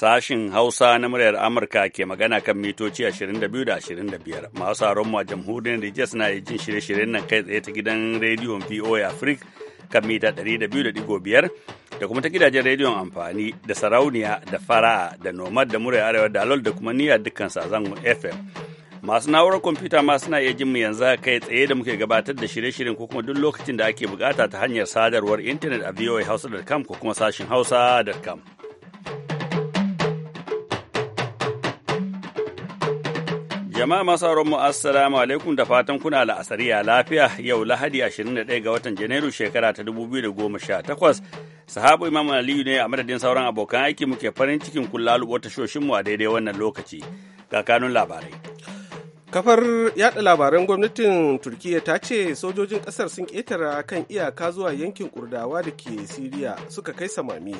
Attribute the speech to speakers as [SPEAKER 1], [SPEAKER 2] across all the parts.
[SPEAKER 1] Sashin Hausa na muryar Amurka ke magana kan mitoci 22 da 25. Masu sauran mu a jamhuriyar na suna jin shirye-shiryen nan kai tsaye ta gidan rediyon VOA Africa kan mita 200.5 da kuma ta gidajen rediyon amfani da sarauniya da fara'a da nomad da muryar arewa da da kuma niyya dukkan sazangun fm masu na'urar kwamfuta ma suna iya jin mu yanzu kai tsaye da muke gabatar da shirye-shiryen ko kuma duk lokacin da ake bukata ta hanyar sadarwar intanet a voahausa.com ko kuma sashin hausa.com Jama'a masu auren mu assalamu alaikum da fatan kuna la'asariya lafiya yau Lahadi 21 ga watan Janairu shekara ta 2018. Sahabu imamu Aliyu ne a madadin sauran abokan aiki muke farin cikin kullalu ta shoshin mu a daidai wannan lokaci. Ga kanun labarai.
[SPEAKER 2] Kafar yada labaran gwamnatin Turkiyya ta ce sojojin kasar sun ƙetara kan iyaka zuwa yankin Kurdawa da ke Siriya suka kai samami.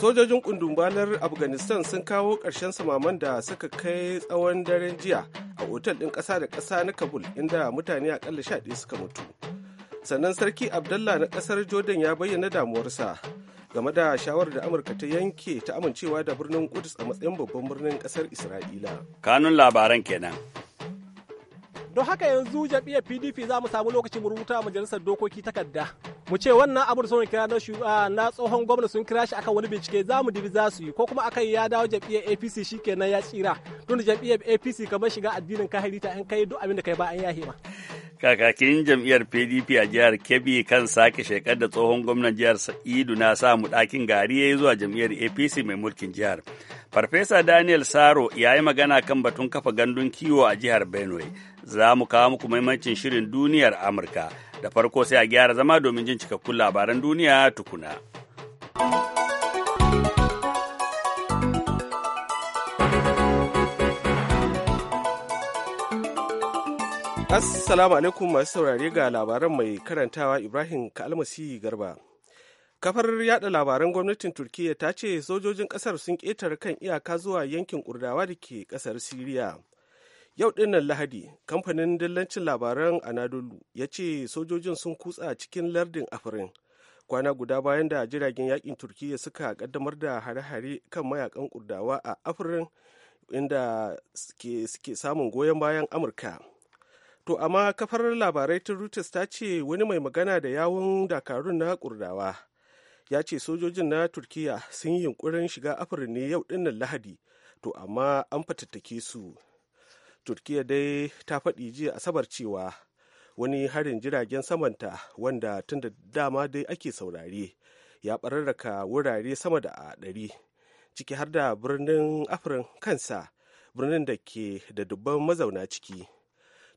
[SPEAKER 2] sojojin kundumbalar afghanistan sun kawo ƙarshen samaman da suka kai tsawon daren jiya a otal ɗin ƙasa da ƙasa na kabul inda mutane akalla sha ɗaya suka mutu sannan sarki abdallah na ƙasar jordan ya bayyana damuwarsa game da shawarar da amurka ta yanke ta amincewa da birnin
[SPEAKER 1] kudus a
[SPEAKER 3] matsayin babban birnin
[SPEAKER 1] ƙasar isra'ila kanun
[SPEAKER 3] labaran kenan don haka yanzu jam'iyyar pdp za mu samu lokacin mu rubuta majalisar dokoki takarda mu ce wannan abu da sun kira ah, na tsohon gwamna sun kira shi akan wani bincike za mu dibi za su yi ko kuma akan ya dawo jam'iyyar apc shi shikenan ya tsira don da jam'iyyar apc kamar shiga addinin kahiri ta an kai duk abin da kai ba an yahe ma
[SPEAKER 1] kakakin jam'iyyar pdp a jihar kebbi kan sake shekar da tsohon gwamnan jihar idu na sa mu ɗakin gari ya yi zuwa jam'iyyar apc mai mulkin jihar farfesa daniel saro ya yi magana kan batun kafa gandun kiwo a jihar benue za mu kawo muku muhimmancin shirin duniyar Amurka. Da farko sai a gyara zama domin jin cikakkun labaran duniya tukuna.
[SPEAKER 2] Assalamu alaikum masu saurare ga labaran mai karantawa Ibrahim Kalmasi Garba. Kafar yada labaran gwamnatin Turkiyya ta ce sojojin kasar sun ƙetare kan iyaka zuwa yankin Kurdawa da ke kasar Siriya. yau dinnan lahadi kamfanin dillancin labaran anadolu ya ce sojojin sun kutsa cikin lardin afirin kwana guda bayan da jiragen yakin turkiya suka kaddamar da hare-hare kan mayakan kurdawa a afirin inda suke samun goyon bayan amurka to amma kafar labarai ta reuters ta ce wani mai magana da yawon dakarun na kurdawa ya ce sojojin na Turkiyya sun yi yunkurin shiga afirin ne yau dinnan lahadi to amma an fatattake su turkiya dai ta faɗi jiya asabar cewa wani harin jiragen samanta wanda tun da dama dai ake saurare ya ɓararraka wurare sama da a ɗari ciki har da birnin afirin kansa birnin da ke da dubban mazauna ciki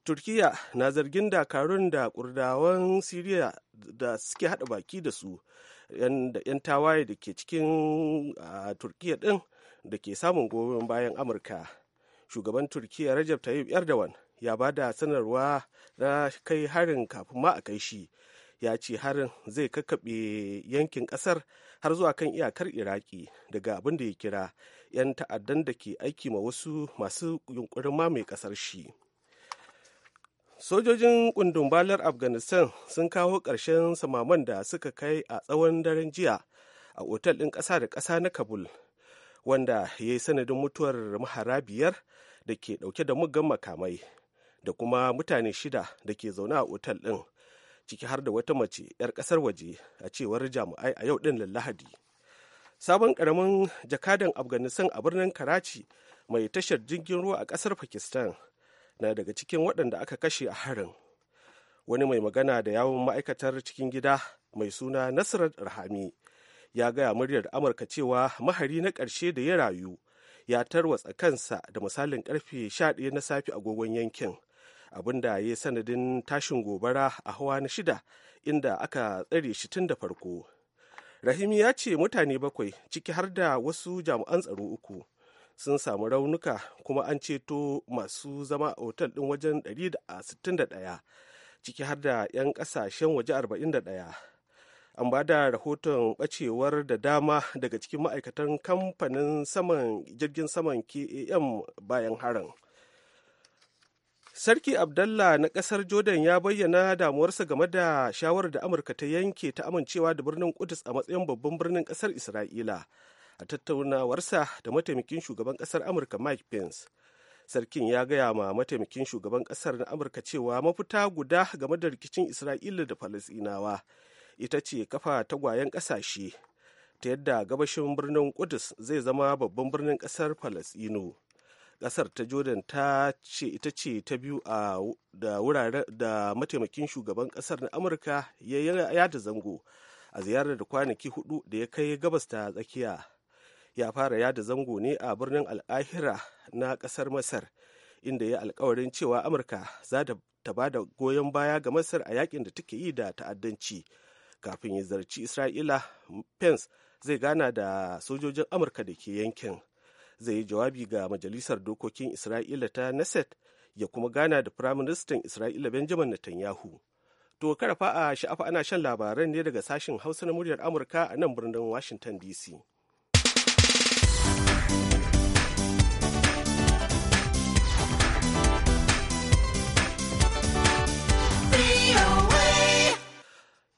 [SPEAKER 2] turkiya na zargin dakarun da kurdawan siriya da suke hada baki da su 'yan tawaye da ke cikin turkiya din da ke samun goyon bayan amurka shugaban turkiya rajab tayyip erdogan ya ba da sanarwa na kai harin kafin ma a kai shi ya ce harin zai kakkaɓe yankin ƙasar har zuwa kan iyakar iraki daga abin da ya kira 'yan ta'addan da ke aiki ma wasu masu yunkurin mamaye ƙasar shi sojojin kundumbalar afghanistan sun kawo ƙarshen samaman da suka kai a tsawon daren jiya a otal ɗin ƙasa da ƙasa na kabul wanda ya yi sanadin mutuwar mahara biyar da ke dauke da mugan makamai da kuma mutane shida da ke zaune a otal ɗin ciki har da wata mace 'yar ƙasar waje a cewar jami'ai a yau ɗin lahadi sabon ƙaramin jakadan afghanistan a birnin karachi mai tashar jirgin ruwa a ƙasar pakistan na daga cikin waɗanda aka kashe a harin wani mai magana da yawon ma'aikatar cikin gida mai suna nasrat rahami ya gaya muryar amurka cewa mahari na ƙarshe da ya rayu ya tarwatsa kansa da misalin karfe 11 na safe agogon yankin abinda ya yi sanadin tashin gobara a hawa na shida inda aka tsare shi tun da farko rahimi ya ce mutane bakwai ciki har da wasu jami'an tsaro uku sun samu raunuka kuma an ceto masu zama a otal ɗin wajen 161 ciki har da 'yan ƙasashen waje 41 an ba da rahoton bacewar da dama daga cikin ma'aikatan kamfanin saman jirgin saman kam bayan harin sarki abdallah na kasar jordan ya bayyana damuwarsa game da shawarar da amurka ta yanke ta amincewa da birnin kudus a matsayin babban birnin kasar isra'ila a tattaunawarsa da mataimakin shugaban kasar amurka mike pence sarkin ya gaya ma mataimakin shugaban kasar na amurka cewa mafita guda game da rikicin isra'ila da falasinawa ita ce kafa tagwayen ƙasashe ta yadda gabashin birnin Kudus zai zama babban birnin ƙasar Falasino. Ƙasar ta Jordan ta ce ita ce ta biyu da wurare da mataimakin shugaban ƙasar na Amurka ya yada zango a ziyarar da kwanaki hudu da ya kai gabas ta tsakiya. Ya fara yada zango ne a birnin Al'ahira na ƙasar Masar inda ya alkawarin cewa Amurka za ta ba da goyon baya ga Masar a yakin da take yi da ta'addanci. kafin ya zarci isra'ila pence zai gana da sojojin amurka da ke yankin zai yi jawabi ga majalisar dokokin isra'ila ta neset ya kuma gana da firaministan isra'ila benjamin netanyahu to karfa a sha'afa ana shan labaran ne daga sashen hausa na muryar amurka a nan birnin washington dc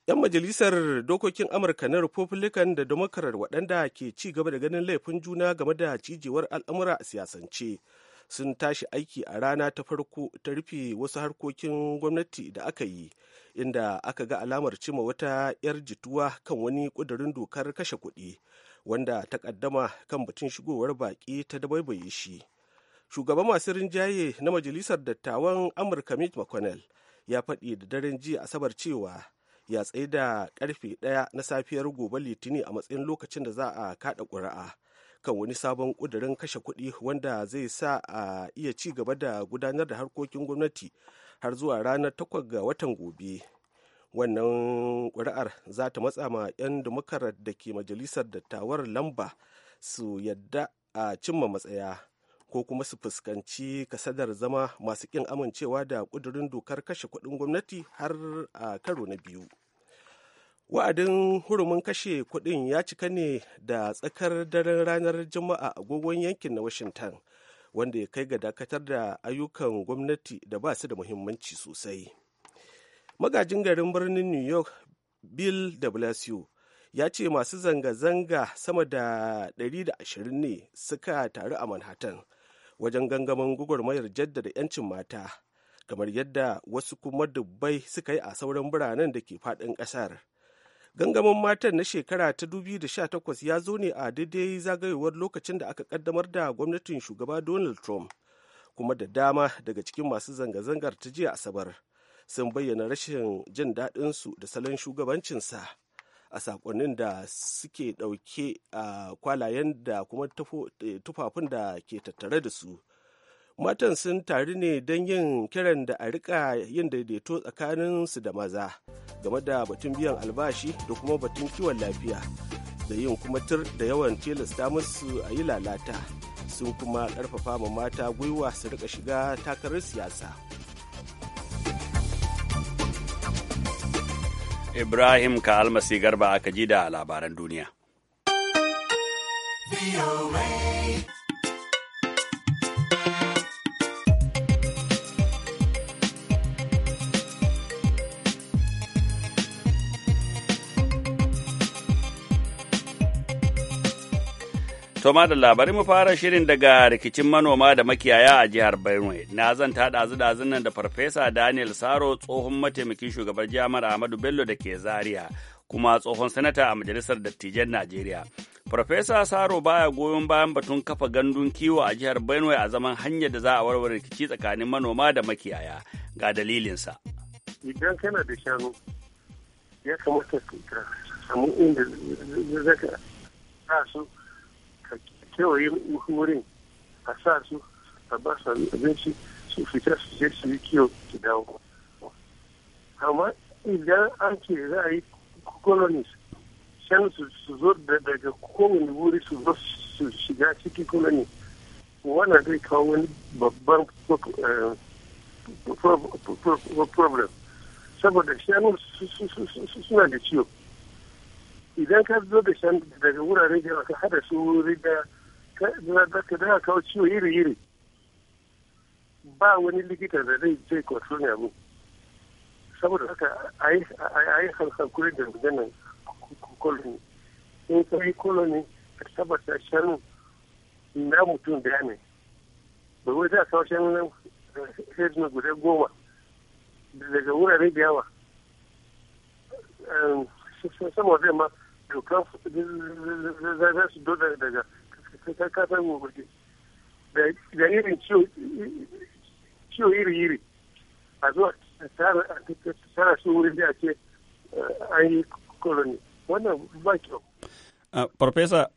[SPEAKER 2] 'yan majalisar dokokin amurka na republican da democrat waɗanda ke ci gaba da ganin laifin juna game da cijewar al'amura a siyasance sun tashi aiki a rana ta farko ta rufe wasu harkokin gwamnati da aka yi inda aka ga alamar cima wata 'yar jituwa kan wani ƙudurin dokar kashe kuɗi wanda ta ƙaddama kan batun shigowar baƙi ta dabaibaye shi shugaban masu rinjaye na majalisar dattawan amurka mitch mcconnell ya faɗi da daren jiya asabar cewa ya tsaye da karfe ɗaya na safiyar gobe litini a matsayin lokacin da za a kada ƙuri'a kan wani sabon ƙudurin kashe kuɗi wanda zai sa a iya ci gaba da gudanar da harkokin gwamnati har zuwa ranar takwas ga watan gobe wannan ƙuri'ar za ta matsa ma 'yan dimakarar da ke majalisar dattawar lamba su yadda a cimma matsaya ko kuma su fuskanci kasadar zama masu ƙin amincewa da ƙudurin dokar kashe kuɗin gwamnati har a karo na biyu wa'adin hurumin kashe kuɗin ya cika ne da tsakar daren ranar juma'a agogon yankin na washington wanda ya kai ga dakatar da ayyukan gwamnati da ba su da muhimmanci sosai magajin garin birnin new york bill de blasio ya ce masu zanga-zanga sama da 120 ne suka taru a manhattan wajen gangamin gwagwarmayar jaddada 'yancin mata kamar yadda wasu kuma dubbai suka yi a sauran biranen da ke faɗin ƙasar gangamin matan na shekara ta 2018 ya zo ne a daidai zagayowar lokacin da aka kaddamar da gwamnatin shugaba donald trump kuma da dama daga cikin masu zanga-zangar ta jiya asabar sun bayyana rashin jin daɗinsu da salon shugabancinsa a sakonnin da suke ɗauke a kwalayen da kuma tufafin da ke tattare da su matan sun taru ne don yin kiran da a rika yin daidaito tsakanin su da maza game da batun biyan albashi da kuma batun kiwon lafiya da yin kuma tur da yawan tilasta musu a yi lalata sun kuma ƙarfafa ma mata gwiwa su rika shiga takarar siyasa
[SPEAKER 1] Ibrahim ka almasi garba aka ji da labaran duniya. To da labarin mu fara shirin daga rikicin manoma da makiyaya a jihar Benue. Na zan ta dazu nan da Farfesa Daniel Saro tsohon mataimakin shugaban jami'ar Ahmadu Bello da ke Zaria kuma tsohon sanata a majalisar dattijan Najeriya. Farfesa Saro baya goyon bayan batun kafa gandun kiwo a jihar Benue a zaman hanyar da za a warware rikici tsakanin manoma da makiyaya. Ga dalilinsa.
[SPEAKER 4] Idan kana da shanu ya kamata ka samu inda zaka kewaye wurin a sa su a ba su abinci su fita su je su yi kiyo su dawo amma idan an ce za a yi colonies can su zo daga kowane wuri su zo su shiga ciki colony wannan zai kawo wani babban problem saboda shanu suna da ciwo idan ka zo da shanu daga wuraren jama'a ka hada su wuri daya. ka daga kawo ciwo iri-iri ba wani likita da zai je control ya mu saboda haka a yi hankali da maganan koloni in ka yi koloni ka tabbata shanu na mutum da ne ba wai za a kawo shanu na hedin guda goma daga wurare da yawa sama zai ma dokan za su doda daga da irin ciwo iri-iri a tara su wurin da ce eh, an yi koloni wannan ba kyau.
[SPEAKER 1] Farfesa,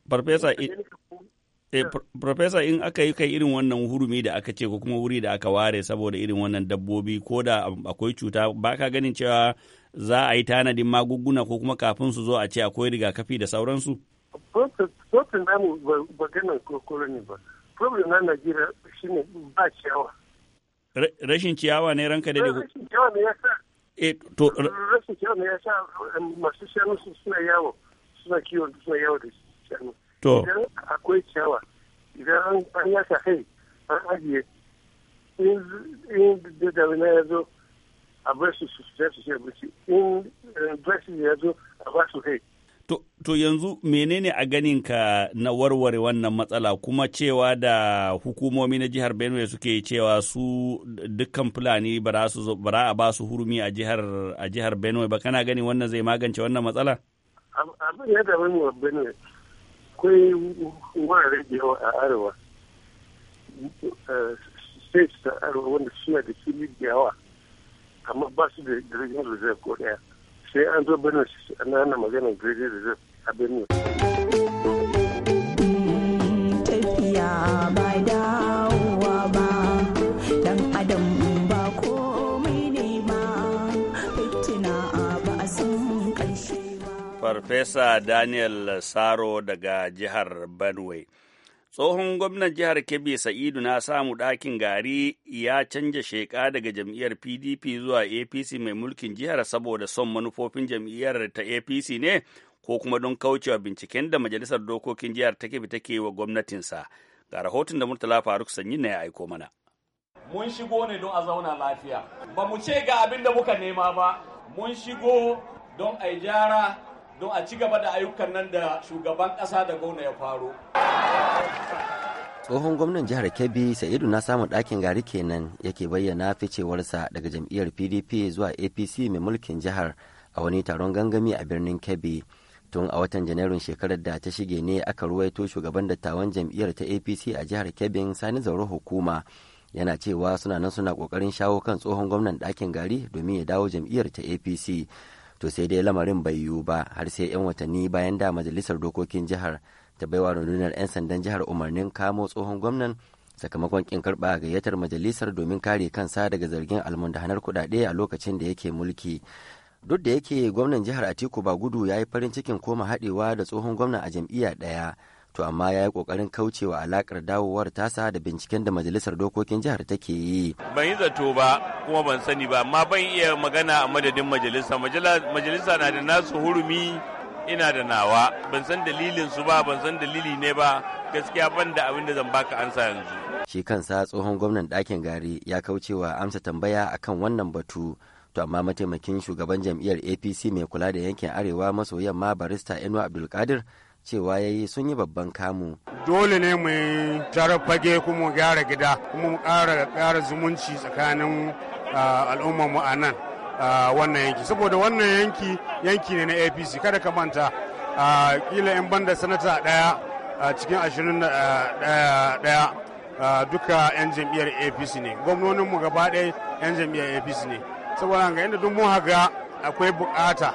[SPEAKER 1] ah, eh, in aka yi kai irin wannan hurumi da aka ce ko kuma wuri da aka ware saboda irin wannan dabbobi ko da akwai cuta ba ka ganin cewa za a yi tanadin magunguna ko kuma kafin su zo a ce akwai rigakafi da sauransu?
[SPEAKER 4] problem namu ba ganin kokoro ne ba problem na najeriya shine ba ciyawa
[SPEAKER 1] rashin ciyawa ne ranka da duhu
[SPEAKER 4] rashin ciyawa ne ya sa eh, to rashin ciyawa ne ya sa um, masu shanu su suna yawo suna kiwon suna yawo da shanu to idan akwai ciyawa idan an ya sa kai an ajiye in da damina ya zo a bar su su su abinci in brexit um, ya zo a ba su kai
[SPEAKER 1] To yanzu menene a ganinka na warware wannan matsala kuma cewa da hukumomi na jihar Benue suke cewa su dukkan Fulani ba a ba su hurumi a jihar Benue ba kana gani wannan zai magance wannan matsala?
[SPEAKER 4] Abin ya dami mu Benue kai wurare da yawa a arewa eh, states a arewa wanda suna da fili da yawa amma ba su da regional reserve ko daya. sai an zo birnin ana maganar graded reserve a birnin tafiya
[SPEAKER 5] ba dawowa ba dan adam ba komai ne ba fitina ba a san karshe ba
[SPEAKER 1] farfesa daniel saro daga jihar benue tsohon gwamnan jihar kebbi sa'idu na samu ɗakin gari ya canja sheka daga jam'iyyar pdp zuwa apc mai mulkin jihar saboda son manufofin jam'iyyar ta apc ne ko kuma don kaucewa binciken da majalisar dokokin jihar ta kebbi take wa gwamnatinsa ga rahoton da murtala faruk sanyi na ya aiko mana mun shigo ne don a zauna lafiya ba mu ce ga abin da muka nema ba mun shigo don a gyara don a ci gaba da ayyukan nan da shugaban ƙasa da gona ya faro.
[SPEAKER 6] tsohon gwamnan jihar kebbi sa'idu na samun ɗakin gari kenan yake bayyana ficewarsa daga jam'iyyar pdp zuwa apc mai mulkin jihar a wani taron gangami a birnin kebbi tun a watan janairun shekarar da ta shige ne aka ruwaito shugaban dattawan jam'iyyar ta apc a jihar kebbin sani zauro hukuma yana cewa suna nan suna kokarin shawo kan tsohon gwamnan ɗakin gari domin ya dawo jam'iyyar ta apc to sai dai lamarin bai yiwu ba har sai 'yan watanni bayan da majalisar dokokin jihar ta baiwa rundunar 'yan sandan jihar umarnin kamo tsohon gwamnan sakamakon kin karba gayyatar majalisar domin kare kansa daga zargin almundahanar kuɗaɗe a lokacin da yake mulki duk da yake gwamnan jihar atiku ba gudu ya yi farin cikin koma haɗewa da tsohon gwamna a jam'iyya ɗaya to amma ya yi kokarin kaucewa alakar dawowar tasa da binciken da majalisar dokokin jihar take yi
[SPEAKER 1] ban yi zato ba kuma ban sani ba amma ban iya magana a madadin majalisa majalisa na da nasu hurumi ina da nawa ban san dalilin su ba ban san dalili ne ba gaskiya ban da abin da zan baka ansa yanzu
[SPEAKER 6] shi kansa tsohon gwamnan dakin gari ya kaucewa amsa tambaya akan wannan batu to amma mataimakin shugaban jam'iyyar apc mai kula da yankin arewa maso yamma barista enu abdulkadir cewa ya yi sun yi babban kamu.
[SPEAKER 7] Dole ne mu jarar fage kuma gyara gida kuma mu ƙara zumunci tsakanin al'ummarmu a nan wannan yanki. Saboda wannan yanki yanki ne na APC kada ka manta kila in banda sanata ɗaya a cikin ashirin ɗaya duka 'yan jam'iyyar apc ne mu gaba ɗaya 'yan jam'iyyar apc ne saboda ga inda duk mu haga akwai bukata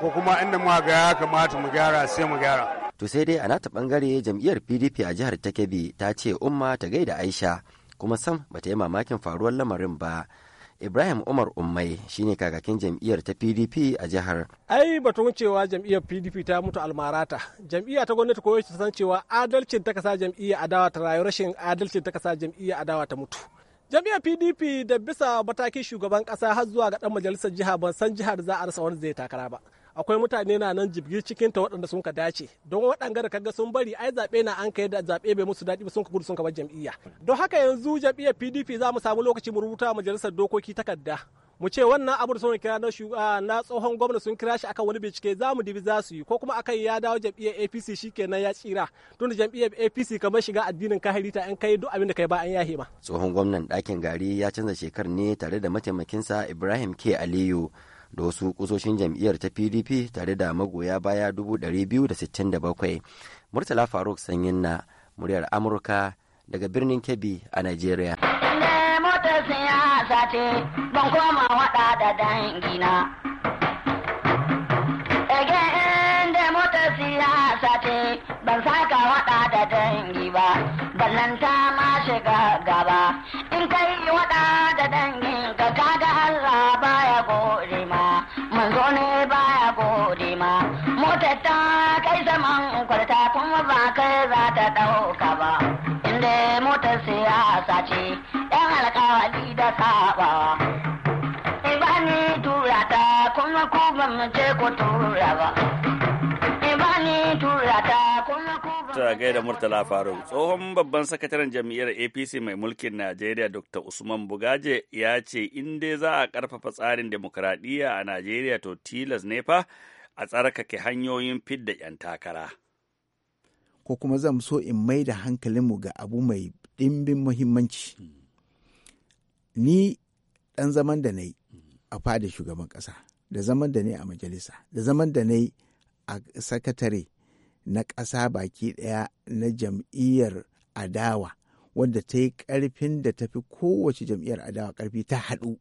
[SPEAKER 7] ko kuma inda mu haga ya kamata mu gyara sai mu gyara
[SPEAKER 6] to sai dai a nata bangare jam'iyyar pdp a jihar takebi ta ce umma ta gaida aisha kuma sam bata yi mamakin faruwar lamarin ba ibrahim umar ummai shine kakakin jam'iyyar ta pdp a jihar
[SPEAKER 3] ai batun cewa jam'iyyar pdp ta mutu almarata jam'iyya ta gwamnati ko ta san cewa adalcin ta kasa jam'iyya adawa ta rayu rashin adalcin ta kasa jam'iyya adawa ta mutu jam'iyyar pdp da bisa matakin shugaban kasa har zuwa ga dan majalisar jiha ban san jihar za a rasa wani zai takara ba akwai mutane na nan jibgi cikin ta waɗanda sun ka dace don waɗanda da kaga sun bari ai zaɓe na an kai da zaɓe bai musu daɗi ba sun ka gudu sun ka bar jam'iyya don haka yanzu jam'iyyar PDP za mu samu lokaci mu rubuta majalisar dokoki takarda mu ce wannan abu da sun kira na ah, na tsohon gwamna sun kira shi akan wani bincike za mu dibi za su yi ko kuma akan ya dawo jam'iyyar APC shi shikenan ya tsira tun da jam'iyyar APC kamar shiga addinin kahiri ta an kai duk abin da kai ba an yahe ma
[SPEAKER 6] tsohon gwamnan ɗakin gari ya canza shekar ne tare da mataimakinsa Ibrahim K Aliyu da wasu kusoshin jam'iyyar ta pdp tare da magoya baya 267 murtala faruk sanyin na muryar amurka daga birnin kebbi a nigeria ban koma
[SPEAKER 1] wada da ban saka wada da dangi ba ballanta ma shiga gaba in kai wada
[SPEAKER 6] ce ɗan alkawali da ba ni tura ta kuma ku ku tura ba.
[SPEAKER 1] tura Murtala Faru. Tsohon babban sakataren jam'iyyar APC mai mulkin Najeriya Dr. Usman Bugaje ya ce in dai za a ƙarfafa tsarin demokuraɗiyya a Najeriya to tilas ne fa a tsarkake hanyoyin fidda 'yan takara.
[SPEAKER 5] Ko kuma zan so in mai da hankalinmu ga abu mai dimbin muhimmanci ni ɗan zaman da na yi a fada shugaban ƙasa da zaman da na yi a majalisa da zaman da na yi a sakatare na ƙasa baki ɗaya na jam'iyyar adawa wanda ta yi ƙarfin da ta fi kowace jam'iyyar adawa ƙarfi ta haɗu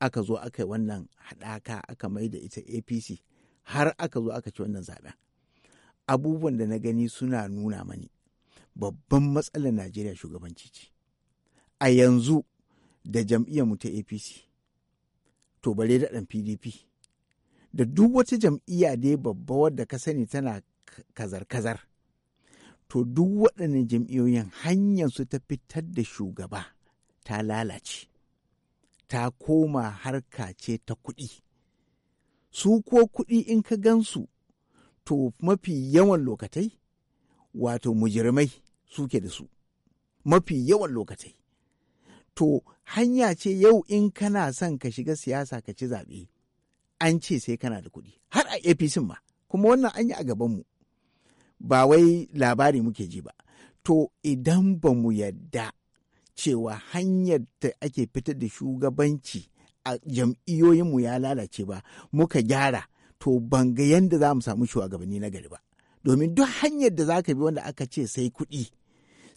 [SPEAKER 5] aka zo aka yi wannan haɗaka aka mai da ita apc har aka zo aka ci wannan zaɓen abubuwan da na gani suna nuna mani babban matsalar najeriya shugabanci ce a yanzu da jam'iyyar mu ta apc to bare da pdp da duk wata jam'iyya dai babba wadda ka sani tana kazar-kazar to duk waɗannan jam'iyyoyin hanyar su ta fitar da shugaba ta lalace ta koma harka ce ta kuɗi su ko kuɗi in ka gansu to mafi yawan lokatai wato mujirmai suke da su mafi yawan lokacai to hanya ce yau in kana son ka shiga siyasa ka ci zaɓe an ce sai kana da kuɗi har a apc ma kuma wannan an yi a gabanmu ba wai labari muke ji ba to idan ba mu yadda cewa hanyar da ake fitar da shugabanci a jam'iyyoyinmu ya lalace ba muka gyara to ban ga yadda za mu samu shugabanni na gari ba domin duk hanyar da za ka bi wanda aka ce sai kuɗi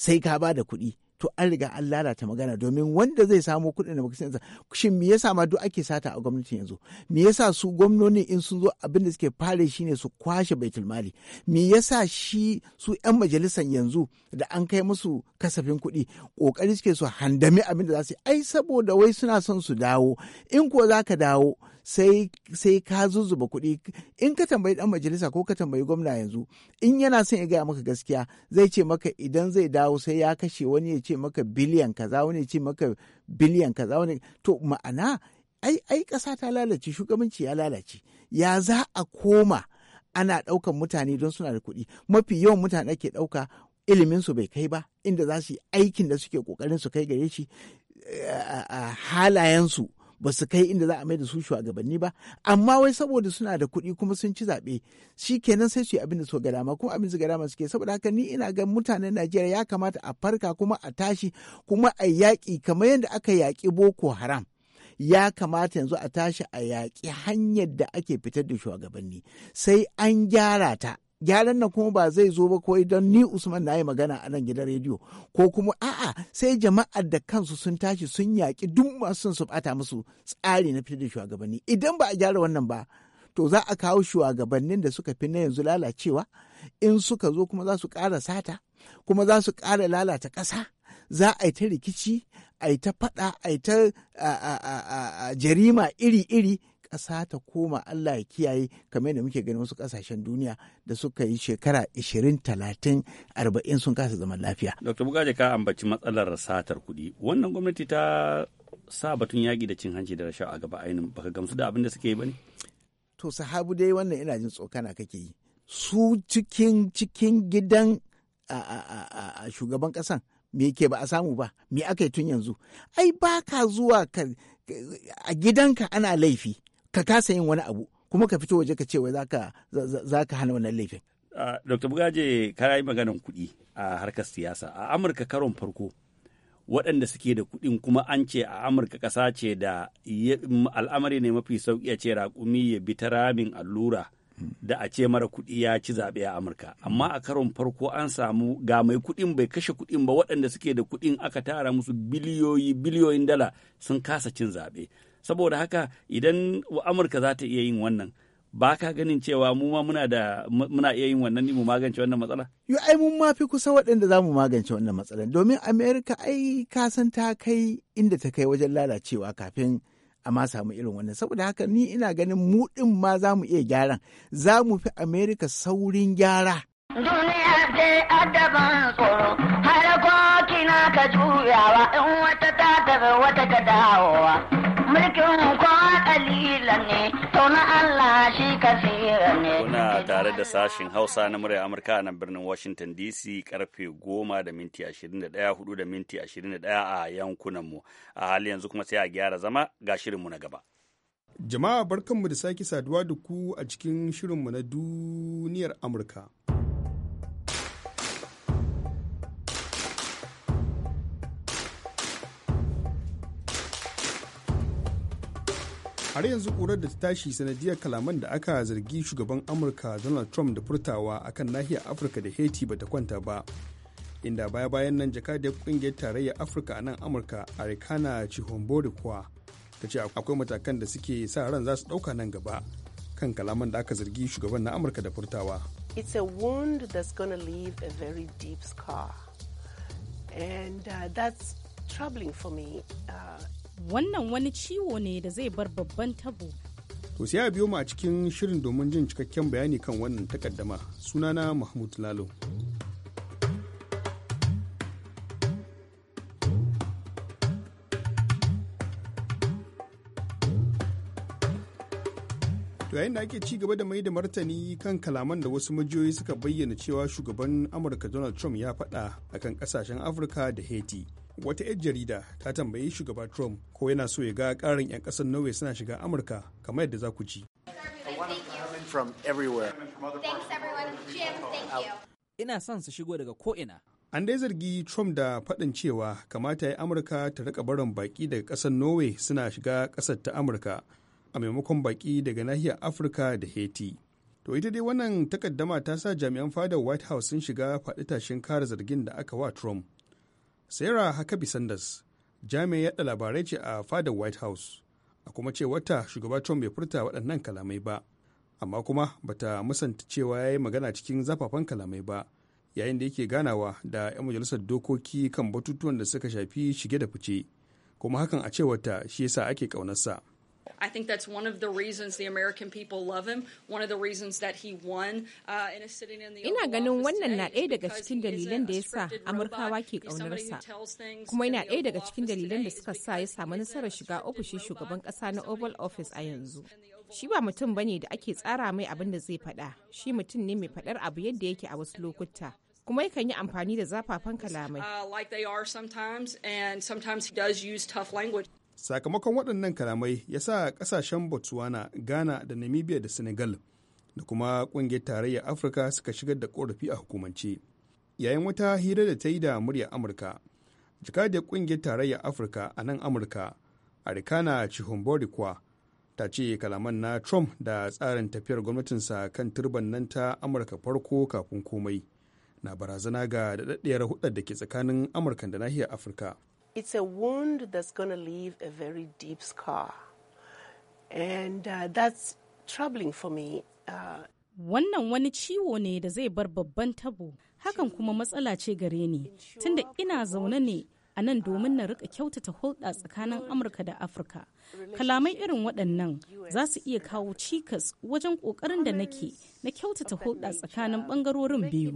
[SPEAKER 5] sai ka ba da kuɗi to an riga an lalata magana domin wanda zai samo kuɗin da sa shin me yasa ma duk ake sata a gwamnati yanzu me yasa su gwamnoni in sun zo abin da suke fare shine su kwashe baitul mali me yasa shi su yan majalisan yanzu da an kai musu kasafin kuɗi kokari suke su handami abin da za su yi ai saboda wai suna son su dawo in ko za ka dawo sai sai ka zuzzuba kuɗi in ka tambayi ɗan majalisa ko ka tambayi gwamna yanzu in yana son ya gaya maka gaskiya zai ce maka idan zai dawo sai ya kashe wani ya ce maka biliyan kaza wani ya ce maka biliyan kaza wani to ma'ana ai ai ƙasa ta lalace shugabanci ya lalace ya za a koma ana ɗaukan mutane don suna da kuɗi mafi yawan mutane ake ɗauka iliminsu bai kai ba inda za su yi aikin da suke ƙoƙarin su kai gare shi eh, halayensu ba su kai inda za a mai da su shugabanni ba amma wai saboda suna da kuɗi kuma sun ci zaɓe shi kenan sai su yi abin da so gadama dama kuma abin su gadama suke saboda haka ni ina ga mutanen Najeriya ya kamata a farka kuma a tashi kuma a yaƙi kamar yadda aka yaƙi Boko Haram. ya kamata yanzu a tashi a yaƙi hanyar da ake fitar da shugabanni sai an gyara ta gyaran nan kuma ba zai zo ba kawai don ni Usman na yi magana a nan gidan rediyo ko kuma a'a sai jama'ar da kansu sun tashi sun yaƙi duk masu su bata musu tsari na fitar da shugabanni idan ba a gyara wannan ba to za a kawo shugabannin da suka fi na yanzu lalacewa in suka zo kuma za su ƙara sata kuma za su ƙara lalata ƙasa za a yi ta rikici a yi ta faɗa a yi ta jarima iri-iri ƙasa ta koma Allah ya kiyaye kamar da muke ganin wasu ƙasashen duniya da suka yi shekara 20 30 40 sun kasa zaman lafiya.
[SPEAKER 1] Dr. Bugaje ka ambaci matsalar satar kuɗi. Wannan gwamnati ta sa batun yaƙi da cin hanci da rasha a gaba
[SPEAKER 5] ainihin baka gamsu
[SPEAKER 1] da abin da suke yi ba ne?
[SPEAKER 5] To sahabu dai wannan ina jin tsokana kake yi. Su cikin cikin gidan a shugaban ƙasan me ke ba a samu ba me aka yi tun yanzu ai ba ka zuwa a gidanka ana laifi ka kasa yin wani abu kuma ka fito waje ka ce wai za ka hana wannan laifin.
[SPEAKER 1] Dr. Bugaje ka yi maganan kuɗi a harkar siyasa a Amurka karon farko waɗanda suke da kuɗin kuma an ce a Amurka ƙasa ce da al'amari ne mafi sauƙi a ce raƙumi ya bi ta ramin allura da a ce mara kuɗi ya ci zaɓe a Amurka. Amma a karon farko an samu ga mai kuɗin bai kashe kuɗin ba waɗanda suke da kuɗin aka tara musu biliyoyi biliyoyin dala sun kasa cin zaɓe. saboda haka idan amurka za ta iya yin wannan ba ka ganin cewa mu ma muna da muna iya yin wannan mu magance wannan matsala
[SPEAKER 5] yo ai mun ma fi kusa waɗanda za mu magance wannan matsala domin america ai ka san ta kai inda ta kai wajen lalacewa kafin a ma samu irin wannan saboda haka ni ina ganin mu din ma za mu iya gyaran za mu fi Amerika saurin gyara
[SPEAKER 4] duniya ce adaban tsoro har kina
[SPEAKER 1] ka juyawa in wata ta tafi wata ka dawowa mulkin kwa kalila ne to Allah shi kasira ne kuna tare da sashin Hausa na murya Amurka a nan birnin Washington DC karfe 10 da minti 21 da minti 21 a yankunan mu a hali yanzu kuma sai a gyara zama ga shirinmu na gaba
[SPEAKER 7] jama'a barkanmu da sake saduwa da ku a cikin shirinmu na duniyar Amurka har yanzu ƙurar da ta tashi sanadiyar kalaman da aka zargi shugaban amurka donald trump da furtawa akan nahiyar afirka da haiti ba ta kwanta ba inda baya bayan nan jakadiyar kungiyar tarayyar afirka a nan amurka arikana chihombori kuwa ta ce akwai matakan da suke sa ran za su ɗauka nan gaba kan kalaman da aka zargi shugaban na amurka da furtawa
[SPEAKER 5] it's a wound that's gonna leave a very deep scar and
[SPEAKER 6] uh, that's troubling for me uh, wannan wani ciwo ne da zai bar babban tabo
[SPEAKER 7] to sai a biyo mu a cikin shirin domin jin cikakken bayani kan wannan takaddama sunana mahmud lalo yayin da ake ci gaba da mai da martani kan kalaman da wasu majiyoyi suka bayyana cewa shugaban amurka donald trump ya faɗa akan kasashen afirka da haiti wata 'yar jarida ta tambayi shugaba trump ko yana so ya ga ƙarin 'yan kasar norway suna shiga amurka kamar yadda za ku ji
[SPEAKER 5] ina son su shigo daga ko'ina
[SPEAKER 7] an dai zargi trump da faɗin cewa kamata ya amurka ta rika barin baƙi daga ƙasar norway suna shiga ƙasar ta amurka a maimakon baƙi daga nahiyar afirka da haiti to ita dai wannan takaddama ta sa jami'an fadar white house sun shiga faɗi tashin kare zargin da aka wa trump sarah huckabee sanders jami'ai yada labarai ce a fadar white house a kuma ce wata shugaba trump bai furta waɗannan kalamai ba amma kuma bata musanta cewa ya yi magana cikin zafafan kalamai ba yayin da yake ganawa da 'yan majalisar dokoki kan batutuwan da suka shafi shige da fice kuma hakan a cewarta shi yasa ake ƙaunarsa.
[SPEAKER 1] I think that's one of the reasons the American people love him, one of the reasons that he won uh, sitting in the Ina ganin wannan na ɗaya daga cikin dalilan da ya sa Amurkawa ke ƙaunarsa,
[SPEAKER 4] kuma yana ɗaya daga cikin
[SPEAKER 7] dalilan da suka sa ya samu nasarar shiga ofishin shugaban ƙasa na Oval Office a yanzu. Shi ba mutum bane da ake tsara mai abin da zai faɗa, shi mutum ne mai faɗar abu yadda yake a wasu lokuta. kuma yakan yi amfani da zafafan kalamai. Uh, sakamakon waɗannan kalamai ya sa ƙasashen botswana ghana da namibia da senegal da kuma ƙungiyar tarayyar afirka suka shigar da ƙorafi a hukumance yayin wata hira da ta yi da murya amurka jakadiyar ƙungiyar tarayyar afirka a nan amurka arikana kuwa ta ce kalaman na trump da tsarin tafiyar gwamnatinsa kan turban nan ta amurka farko kafin komai na barazana ga daɗaɗɗiyar da ke tsakanin amurka da nahiyar afirka
[SPEAKER 5] it's a wound that's going to leave a very deep scar.
[SPEAKER 6] And uh, that's troubling for me. Uh, Wannan wani ciwo ne da zai bar babban tabo, hakan kuma matsala ce gare ni, tunda ina zaune ne a nan domin na rika kyautata hulɗa tsakanin amurka da afirka kalamai irin waɗannan za su iya kawo cikas wajen ƙoƙarin da nake na kyautata hulɗa tsakanin ɓangarorin biyu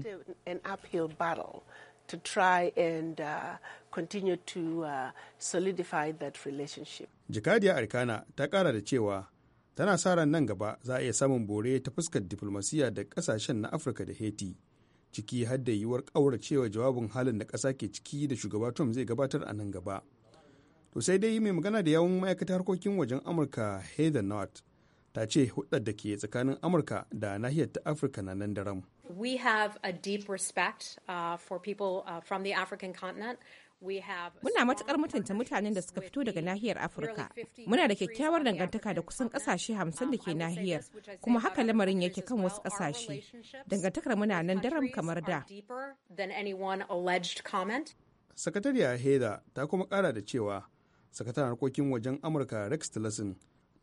[SPEAKER 6] to try and uh,
[SPEAKER 5] continue to uh, solidify that relationship.
[SPEAKER 7] Jakadiya Arkana ta kara da cewa tana sa ran nan gaba za a iya samun bore ta fuskar diflomasiyya da kasashen na Afirka da Haiti ciki har da yiwuwar ƙauracewa jawabin halin da ƙasa ke ciki da shugaba Trump zai gabatar a nan gaba. To sai dai mai magana da yawun ma'aikatar harkokin wajen Amurka Heather North ta ce hudar da ke tsakanin Amurka da nahiyar ta Afirka na nan daram.
[SPEAKER 6] we have a deep respect uh, for people uh, from the African continent. Muna
[SPEAKER 7] matuƙar mutunta mutanen da suka fito daga nahiyar Afirka. Muna da kyakkyawar dangantaka da kusan ƙasashe hamsin da ke um, nahiyar, kuma haka lamarin yake kan wasu ƙasashe. Dangantakar muna nan daram kamar da. Sakatariya Heda ta kuma ƙara da cewa, sakataren harkokin wajen Amurka Rex Tillerson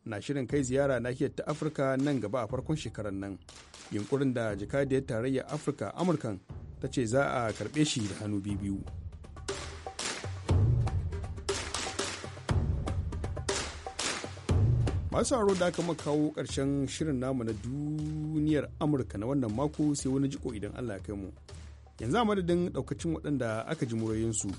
[SPEAKER 7] na shirin kai ziyara nahiyar ta afirka nan gaba a farkon shekarar nan yunkurin da jakadiyar tarayyar afirka amurkan ta ce za a karbe shi da hannu biyu masu haro da aka kawo ƙarshen shirin namu na duniyar amurka na wannan mako sai wani jiko idan allah ya kai mu yanzu a madadin ɗaukacin waɗanda aka ji murayinsu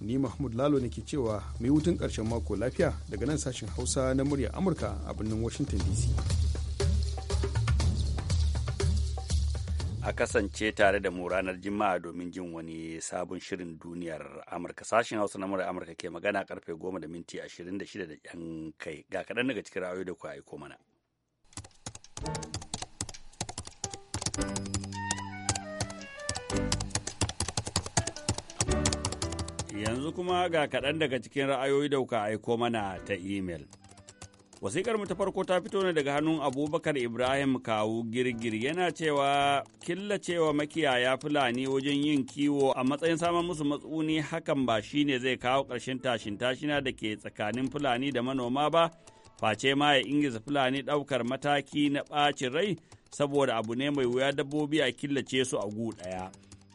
[SPEAKER 7] ni mahmud lalo ne ke cewa mai hutun ƙarshen mako lafiya daga nan sashen hausa na murya amurka a birnin washington dc
[SPEAKER 1] a kasance tare da mu ranar jima'a domin jin wani sabon shirin duniyar amurka sashen hausa na murya amurka ke magana karfe 10 da minti 26 da yan kai ga kaɗan daga cikin ra'ayoyi da ku aiko mana yanzu kuma ga kaɗan daga cikin ra'ayoyi da kuka aiko mana ta imel. Wasiƙar mu ta farko ta fito ne daga hannun Abubakar Ibrahim Kawu Girgir yana cewa killacewa makiyaya Fulani wajen yin kiwo a matsayin samun musu matsuni hakan ba shi ne zai kawo ƙarshen tashin tashina da ke tsakanin Fulani da manoma ba, face ma ya ingiza Fulani ɗaukar mataki na ɓacin rai saboda abu ne mai wuya dabbobi a killace su a gu ɗaya,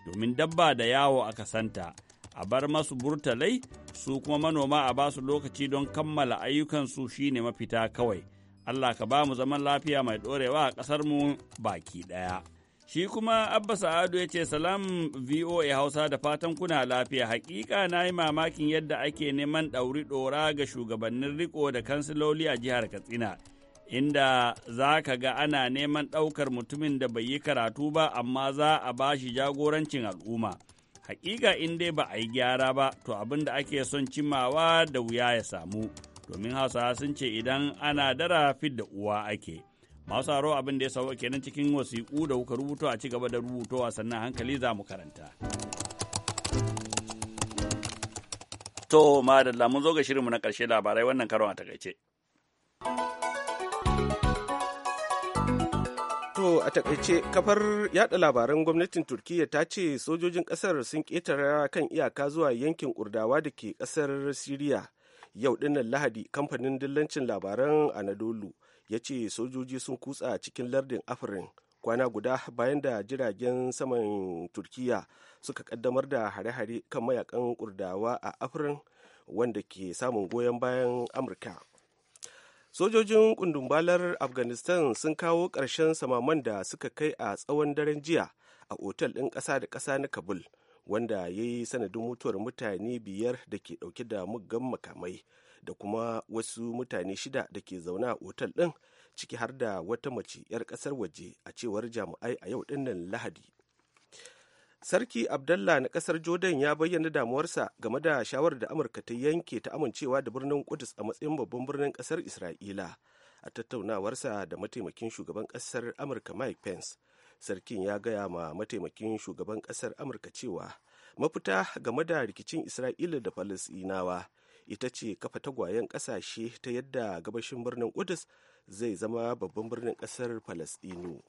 [SPEAKER 1] domin dabba da yawo aka santa. a bar masu burtalai su kuma manoma a ba su lokaci don kammala ayyukansu shine mafita kawai Allah ka ba mu zaman lafiya mai ɗorewa a ƙasar mu baki ɗaya. Shi kuma Abba Sa'adu ya ce salam VOA Hausa da fatan kuna lafiya hakika na yi mamakin yadda ake neman ɗauri ɗora ga shugabannin riko da kansiloli a jihar Katsina. Inda za ka ga ana neman ɗaukar mutumin da bai yi karatu ba amma za a ba shi jagorancin al'umma. Hakika in dai ba a yi gyara ba, to abin da ake son cimawa da wuya ya samu, domin Hausawa sun ce idan ana dara fit da uwa ake. Masu haro abin da ya sauwa kenan cikin wasiƙu da kuka rubuto a ci gaba da rubutowa sannan hankali za mu karanta. To, madalla mun zo ga shirinmu na ƙarshe labarai wannan karon a takaice.
[SPEAKER 2] To a takaice kafar yada labaran gwamnatin Turkiyya ta ce sojojin kasar sun ƙetare kan iyaka zuwa yankin Kurdawa da ke kasar Siriya. Yau dinnan Lahadi kamfanin dillancin labaran Anadolu ya ce sojoji sun kutsa cikin lardin Afirin kwana guda bayan da jiragen saman Turkiyya suka kaddamar da hare-hare kan mayakan Kurdawa a Afirin wanda ke samun goyon bayan Amurka. sojojin kundumbalar afghanistan sun kawo ƙarshen samaman da suka kai a tsawon daren jiya a otal ɗin ƙasa da ƙasa na kabul wanda ya yi sanadin mutuwar mutane biyar da ke ɗauke da muggan makamai da kuma wasu mutane shida da ke zaune a otal ɗin ciki har da wata mace 'yar ƙasar waje a cewar jami'ai a yau ɗinnan lahadi Sarki Abdallah na kasar Jordan ya bayyana damuwarsa game da shawarar da Amurka ta yanke ta amincewa da birnin Kudus a matsayin babban birnin kasar Isra'ila. A tattaunawarsa da mataimakin shugaban kasar Amurka Mike Pence, sarkin ya gaya ma mataimakin shugaban kasar Amurka cewa mafita game da rikicin Isra'ila da Falasɗinawa ita ce kafa tagwayen ƙasashe ta yadda gabashin birnin Kudus zai zama babban birnin ƙasar Falasɗinu.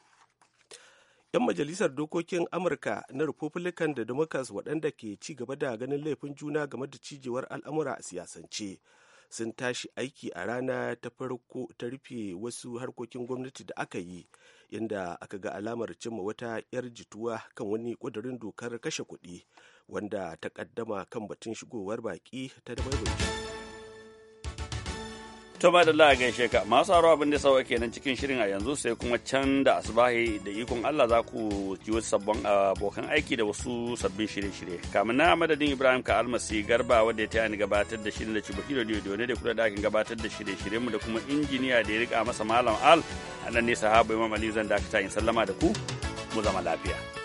[SPEAKER 2] 'yan majalisar dokokin amurka na republican da democrats waɗanda ke ci gaba da ganin laifin juna game da cijewar al'amura a siyasance sun tashi aiki a rana ta farko ta rufe wasu harkokin gwamnati da aka yi inda aka ga alamar cimma wata 'yar jituwa kan wani ƙudurin dokar kashe kuɗi wanda ta ƙaddama kan batun
[SPEAKER 1] shigowar baƙi
[SPEAKER 2] ta maimaita
[SPEAKER 1] To ma da gaishe ka masu haro abin da sawa nan cikin shirin a yanzu sai kuma can da asubahi da ikon Allah za ku ji wasu sabbin abokan aiki da wasu sabbin shirye-shirye. Kamin na madadin Ibrahim ka almasi garba wanda ya taya ni gabatar da shirin da Cibuki da Diyo ne da kula da gabatar da shirye-shiryenmu da kuma injiniya da ya rika masa Malam Al a nan ne sahaba Imam ali zan dakata in sallama da ku mu zama lafiya.